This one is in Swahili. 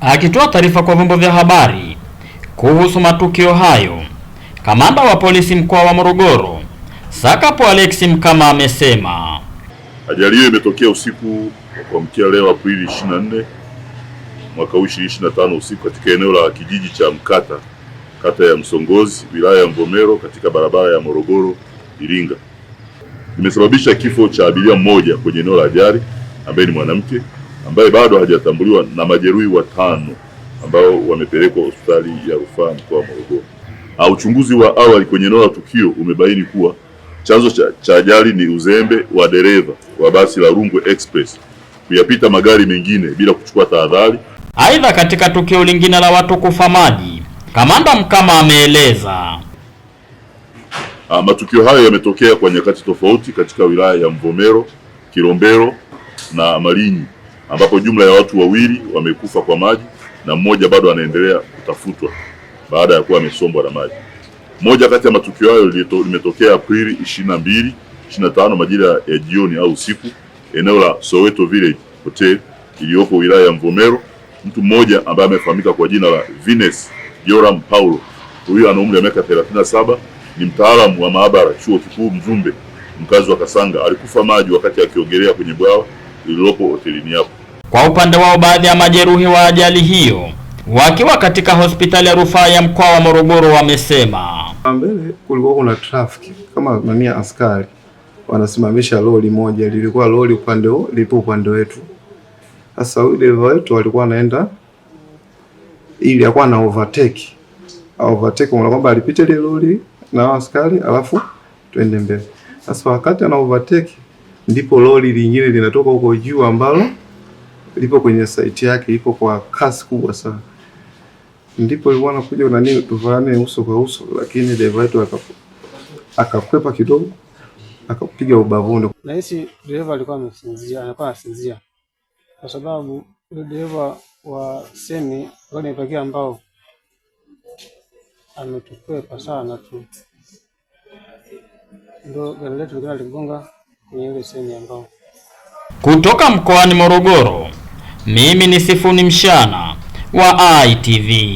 Akitoa taarifa kwa vyombo vya habari kuhusu matukio hayo, kamanda wa polisi mkoa wa Morogoro Sakapo Alex Mkama amesema ajali hiyo imetokea usiku wa kuamkia leo Aprili 24 mwaka 2025 usiku katika eneo la kijiji cha Mkata kata ya Msongozi wilaya ya Mvomero katika barabara ya Morogoro Iringa, imesababisha kifo cha abiria mmoja kwenye eneo la ajali ambaye ni mwanamke ambaye bado hajatambuliwa na majeruhi watano ambao wamepelekwa hospitali ya rufaa mkoa wa Morogoro. Uchunguzi wa awali kwenye eneo la tukio umebaini kuwa chanzo cha ajali ni uzembe wa dereva wa basi la Rungwe Express kuyapita magari mengine bila kuchukua tahadhari. Aidha, katika tukio lingine la watu kufa maji, kamanda Mkama ameeleza ah, matukio hayo yametokea kwa nyakati tofauti katika wilaya ya Mvomero, Kilombero na Malinyi ambapo jumla ya watu wawili wamekufa kwa maji na mmoja bado anaendelea kutafutwa baada ya kuwa amesombwa na maji. Moja kati ya matukio hayo limetokea Aprili 22, 25 majira ya jioni au usiku eneo la Soweto Village Hotel iliyoko wilaya ya Mvomero. Mtu mmoja ambaye amefahamika kwa jina la Venus Joram Paulo, huyu ana umri wa miaka 37, ni mtaalamu wa maabara chuo kikuu Mzumbe, mkazi wa Kasanga, alikufa maji wakati akiogelea kwenye bwawa lililopo hotelini hapo. Kwa upande wao, baadhi ya majeruhi wa ajali hiyo wakiwa katika hospitali ya rufaa ya mkoa wa Morogoro wamesema mbele kulikuwa kuna trafiki kama mamia askari wanasimamisha lori moja, lilikuwa lori upande huo lipo upande wetu. Sasa huyu dereva wetu alikuwa anaenda ili alikuwa na overtake overtake, kwa kwamba alipita ile lori na askari alafu twende mbele. Sasa wakati ana overtake ndipo lori lingine linatoka huko juu ambalo lipo kwenye saiti yake, ipo kwa kasi kubwa sana, ndipo ilikuwa kuja na nini, tuvaane uso kwa uso, lakini dereva wetu akakwepa kidogo, akapiga ubavuni. Nahisi dereva alikuwa amesinzia, alikuwa anasinzia kwa sababu dereva wa semi nipakia ambao ametukwepa sana tu, ndo gari letu ligonga kutoka mkoani Morogoro, mimi ni Sifuni Mshana wa ITV.